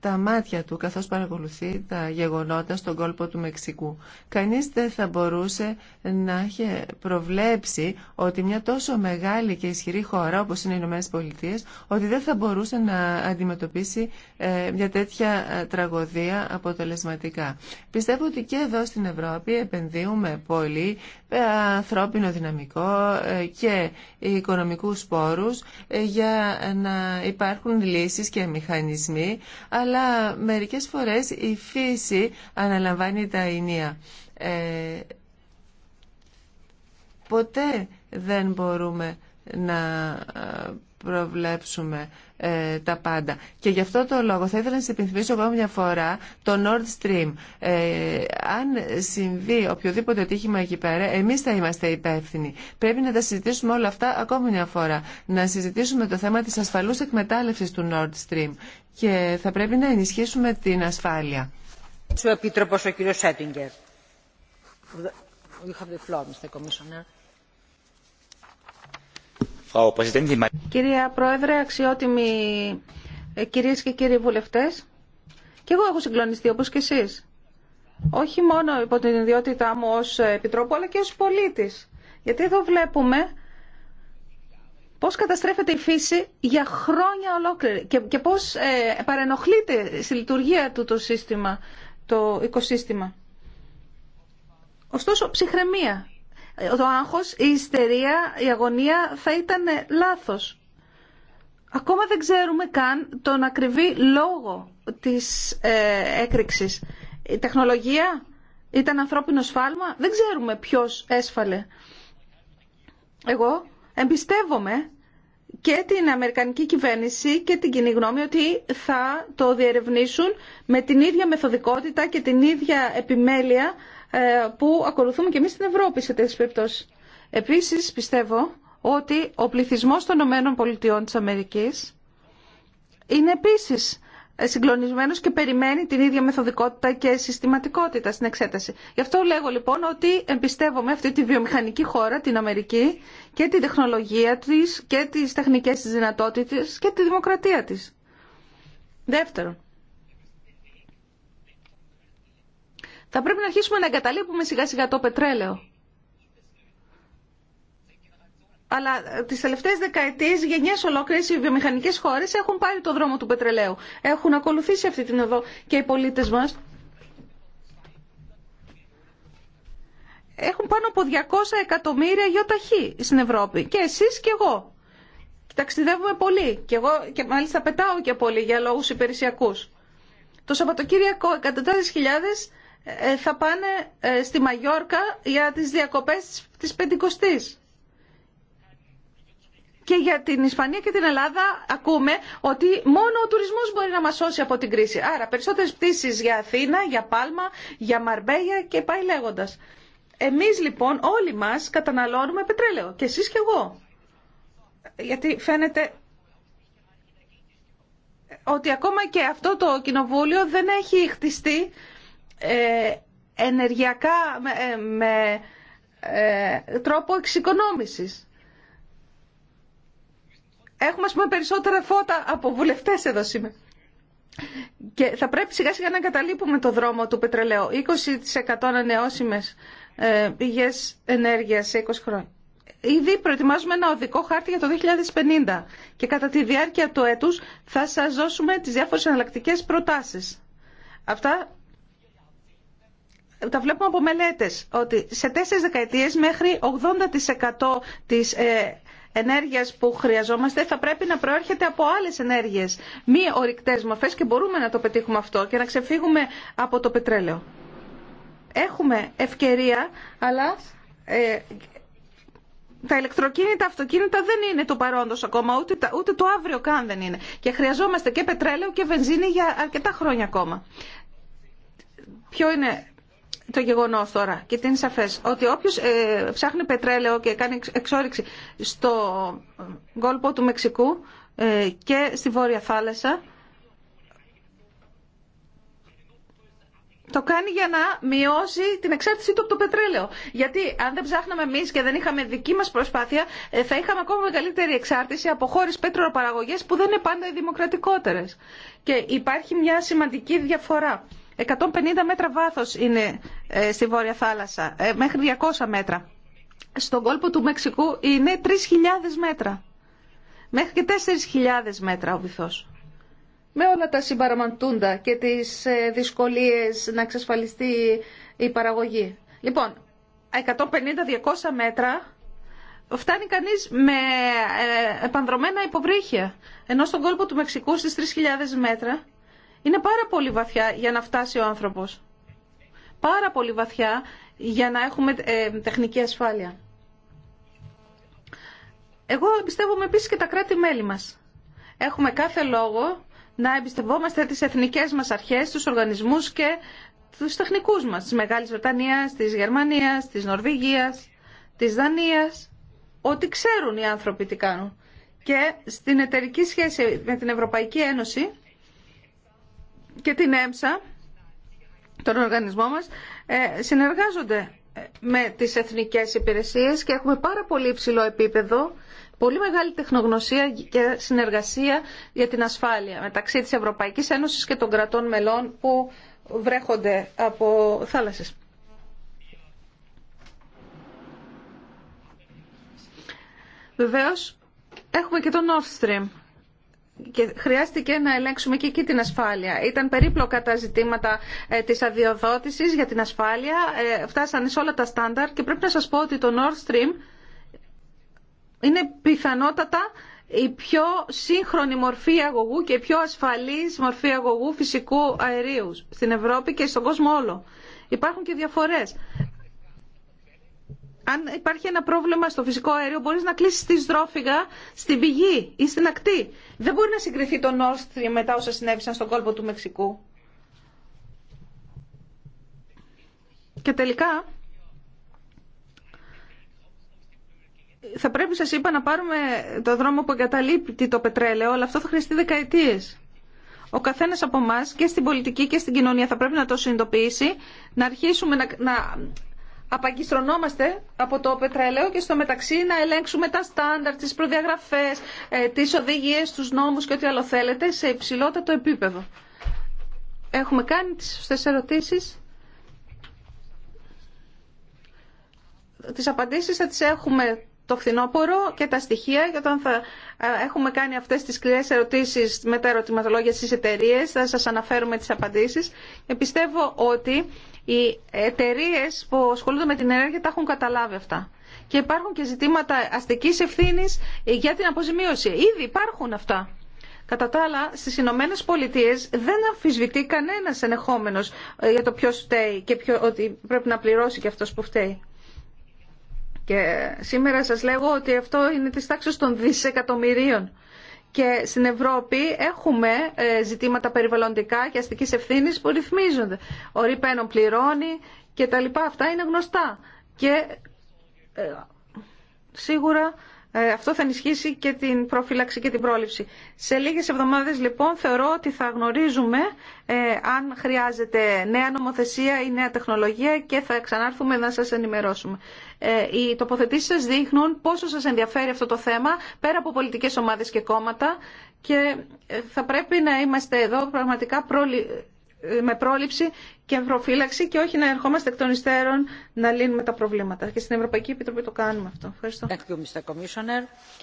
τα μάτια του καθώς παρακολουθεί τα γεγονότα στον κόλπο του Μεξικού. Κανείς δεν θα μπορούσε να έχει προβλέψει ότι μια τόσο μεγάλη και ισχυρή χώρα όπως είναι οι Ηνωμένε Πολιτείε, ότι δεν θα μπορούσε να αντιμετωπίσει ε, μια τέτοια ε, τραγωδία αποτελεσματικά. Πιστεύω ότι και εδώ στην Ευρώπη επενδύουμε πολύ ε, ανθρώπινο δυναμικό και οικονομικούς πόρους για να υπάρχουν λύσεις και μηχανισμοί αλλά μερικές φορές η φύση αναλαμβάνει τα ενία. Ε, ποτέ δεν μπορούμε να ε, προβλέψουμε ε, τα πάντα. Και γι' αυτό το λόγο θα ήθελα να σα υπενθυμίσω εγώ μια φορά το Nord Stream. Ε, αν συμβεί οποιοδήποτε τύχημα εκεί πέρα, εμεί θα είμαστε υπεύθυνοι. Πρέπει να τα συζητήσουμε όλα αυτά ακόμη μια φορά. Να συζητήσουμε το θέμα τη ασφαλού εκμετάλλευση του Nord Stream. Και θα πρέπει να ενισχύσουμε την ασφάλεια. Σου ο Σέτιγκερ. You have the floor, Mr. Commissioner. Κυρία Πρόεδρε, αξιότιμοι ε, κυρίε και κύριοι βουλευτές, και εγώ έχω συγκλονιστεί όπως και εσείς. Όχι μόνο υπό την ιδιότητά μου ω Επιτρόπου, αλλά και ω πολίτη. Γιατί εδώ βλέπουμε πώς καταστρέφεται η φύση για χρόνια ολόκληρη και, πώς ε, παρενοχλείται στη λειτουργία του το σύστημα, το οικοσύστημα. Ωστόσο, ψυχραιμία το άγχος, η ιστερία, η αγωνία θα ήταν λάθος. Ακόμα δεν ξέρουμε καν τον ακριβή λόγο της ε, έκρηξης. Η τεχνολογία ήταν ανθρώπινο σφάλμα. Δεν ξέρουμε ποιος έσφαλε. Εγώ εμπιστεύομαι και την Αμερικανική κυβέρνηση και την κοινή γνώμη ότι θα το διερευνήσουν με την ίδια μεθοδικότητα και την ίδια επιμέλεια ε, που ακολουθούμε και εμείς στην Ευρώπη σε τέτοιες περιπτώσεις. Επίσης πιστεύω ότι ο πληθυσμός των ΗΠΑ της Αμερικής είναι επίσης συγκλονισμένο και περιμένει την ίδια μεθοδικότητα και συστηματικότητα στην εξέταση. Γι' αυτό λέγω λοιπόν ότι εμπιστεύομαι αυτή τη βιομηχανική χώρα, την Αμερική, και την τεχνολογία της και τις τεχνικές της δυνατότητες και τη δημοκρατία της. Δεύτερον, θα πρέπει να αρχίσουμε να εγκαταλείπουμε σιγά σιγά το πετρέλαιο. Αλλά ε, τι τελευταίε δεκαετίε γενιέ ολόκληρε οι βιομηχανικέ χώρε έχουν πάρει το δρόμο του πετρελαίου. Έχουν ακολουθήσει αυτή την οδό και οι πολίτε μα. Έχουν πάνω από 200 εκατομμύρια γιοταχή στην Ευρώπη. Και εσείς και εγώ. Ταξιδεύουμε πολύ. Και εγώ και μάλιστα πετάω και πολύ για λόγου υπηρεσιακού. Το Σαββατοκύριακο εκατοντάδες χιλιάδε ε, θα πάνε ε, στη Μαγιόρκα για τις διακοπές της Πεντηκοστής. Και για την Ισπανία και την Ελλάδα ακούμε ότι μόνο ο τουρισμός μπορεί να μας σώσει από την κρίση. Άρα περισσότερες πτήσεις για Αθήνα, για Πάλμα, για Μαρμπέγια και πάει λέγοντας. Εμείς λοιπόν όλοι μας καταναλώνουμε πετρέλαιο και εσείς και εγώ. Γιατί φαίνεται ότι ακόμα και αυτό το κοινοβούλιο δεν έχει χτιστεί ε, ενεργειακά με ε, ε, τρόπο εξοικονόμησης. Έχουμε, ας πούμε, περισσότερα φώτα από βουλευτές εδώ σήμερα. Και θα πρέπει σιγά σιγά να καταλείπουμε το δρόμο του πετρελαίου. 20% ε, πηγές ενέργειας σε 20 χρόνια. Ήδη προετοιμάζουμε ένα οδικό χάρτη για το 2050 και κατά τη διάρκεια του έτους θα σας δώσουμε τις διάφορες εναλλακτικέ προτάσεις. Αυτά τα βλέπουμε από μελέτες ότι σε τέσσερις δεκαετίες μέχρι 80% της ε, ενέργειας που χρειαζόμαστε θα πρέπει να προέρχεται από άλλες ενέργειες, μη ορυκτές μορφές και μπορούμε να το πετύχουμε αυτό και να ξεφύγουμε από το πετρέλαιο. Έχουμε ευκαιρία, αλλά ε, τα ηλεκτροκίνητα, αυτοκίνητα δεν είναι το παρόντος ακόμα, ούτε, ούτε το αύριο καν δεν είναι. Και χρειαζόμαστε και πετρέλαιο και βενζίνη για αρκετά χρόνια ακόμα. Ποιο είναι το γεγονό τώρα και τι είναι σαφές ότι όποιο ε, ψάχνει πετρέλαιο και κάνει εξόριξη στο ε, κόλπο του Μεξικού ε, και στη Βόρεια Θάλασσα Το κάνει για να μειώσει την εξάρτησή του από το πετρέλαιο. Γιατί αν δεν ψάχναμε εμεί και δεν είχαμε δική μα προσπάθεια, θα είχαμε ακόμα μεγαλύτερη εξάρτηση από χώρε πετροπαραγωγέ που δεν είναι πάντα οι δημοκρατικότερε. Και υπάρχει μια σημαντική διαφορά. 150 μέτρα βάθο είναι ε, στη Βόρεια Θάλασσα, ε, μέχρι 200 μέτρα. Στον κόλπο του Μεξικού είναι 3.000 μέτρα. Μέχρι και 4.000 μέτρα ο βυθός. Με όλα τα συμπαραμαντούντα και τις ε, δυσκολίες να εξασφαλιστεί η παραγωγή. Λοιπόν, 150-200 μέτρα φτάνει κανείς με επανδρομένα υποβρύχια. Ενώ στον κόλπο του Μεξικού στις 3.000 μέτρα είναι πάρα πολύ βαθιά για να φτάσει ο άνθρωπος πάρα πολύ βαθιά για να έχουμε ε, τεχνική ασφάλεια. Εγώ εμπιστεύομαι επίσης και τα κράτη-μέλη μας. Έχουμε κάθε λόγο να εμπιστευόμαστε τις εθνικές μας αρχές, τους οργανισμούς και τους τεχνικούς μας, της Μεγάλης Βρετανίας, της Γερμανίας, της Νορβηγίας, της Δανίας, ότι ξέρουν οι άνθρωποι τι κάνουν. Και στην εταιρική σχέση με την Ευρωπαϊκή Ένωση και την ΕΜΣΑ, τον οργανισμό μας ε, συνεργάζονται ε, με τις εθνικές υπηρεσίες και έχουμε πάρα πολύ υψηλό επίπεδο πολύ μεγάλη τεχνογνωσία και συνεργασία για την ασφάλεια μεταξύ της Ευρωπαϊκής Ένωσης και των κρατών μελών που βρέχονται από θάλασσες. Βεβαίως, έχουμε και τον North Stream και χρειάστηκε να ελέγξουμε και εκεί την ασφάλεια. Ήταν περίπλοκα τα ζητήματα ε, της αδειοδότησης για την ασφάλεια, ε, φτάσανε σε όλα τα στάνταρ και πρέπει να σας πω ότι το Nord Stream είναι πιθανότατα η πιο σύγχρονη μορφή αγωγού και η πιο ασφαλής μορφή αγωγού φυσικού αερίου στην Ευρώπη και στον κόσμο όλο. Υπάρχουν και διαφορές αν υπάρχει ένα πρόβλημα στο φυσικό αέριο, μπορεί να κλείσει τη στρόφιγγα στην πηγή ή στην ακτή. Δεν μπορεί να συγκριθεί το Nord Stream μετά όσα συνέβησαν στον κόλπο του Μεξικού. Και τελικά, θα πρέπει, σας είπα, να πάρουμε το δρόμο που εγκαταλείπει το πετρέλαιο, αλλά αυτό θα χρειαστεί δεκαετίες. Ο καθένας από εμά και στην πολιτική και στην κοινωνία θα πρέπει να το συνειδητοποιήσει, να αρχίσουμε να, να απαγκιστρωνόμαστε από το πετρελαίο και στο μεταξύ να ελέγξουμε τα στάνταρ, τις προδιαγραφές, ε, τις οδηγίες, τους νόμους και ό,τι άλλο θέλετε σε υψηλότατο επίπεδο. Έχουμε κάνει τις σωστές ερωτήσεις. Τις απαντήσεις θα τις έχουμε το φθινόπωρο και τα στοιχεία και όταν θα ε, έχουμε κάνει αυτές τις σκληρές ερωτήσεις με τα ερωτηματολόγια στις εταιρείε, θα σας αναφέρουμε τις απαντήσεις και πιστεύω ότι οι εταιρείε που ασχολούνται με την ενέργεια τα έχουν καταλάβει αυτά. Και υπάρχουν και ζητήματα αστικής ευθύνης για την αποζημίωση. Ήδη υπάρχουν αυτά. Κατά τα άλλα, στις Ηνωμένε Πολιτείε δεν αμφισβητεί κανένας ενεχόμενος ε, για το ποιος φταίει και ποιο, ότι πρέπει να πληρώσει και αυτός που φταίει. Και σήμερα σας λέγω ότι αυτό είναι της τάξης των δισεκατομμυρίων. Και στην Ευρώπη έχουμε ε, ζητήματα περιβαλλοντικά και αστικής ευθύνης που ρυθμίζονται. Ο Ριπένον πληρώνει και τα λοιπά. Αυτά είναι γνωστά. Και ε, σίγουρα ε, αυτό θα ενισχύσει και την προφύλαξη και την πρόληψη. Σε λίγες εβδομάδες λοιπόν θεωρώ ότι θα γνωρίζουμε ε, αν χρειάζεται νέα νομοθεσία ή νέα τεχνολογία και θα ξανάρθουμε να σας ενημερώσουμε. Ε, οι τοποθετήσεις σας δείχνουν πόσο σας ενδιαφέρει αυτό το θέμα πέρα από πολιτικές ομάδες και κόμματα και ε, θα πρέπει να είμαστε εδώ πραγματικά ε, με πρόληψη και εμφροφύλαξη και όχι να ερχόμαστε εκ των υστέρων να λύνουμε τα προβλήματα. Και στην Ευρωπαϊκή Επιτροπή το κάνουμε αυτό. Ευχαριστώ.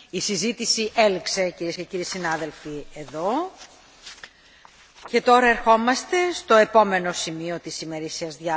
Η συζήτηση έλξε κυρίε και κύριοι συνάδελφοι εδώ. Και τώρα ερχόμαστε στο επόμενο σημείο της ημερήσιας διάρκειας.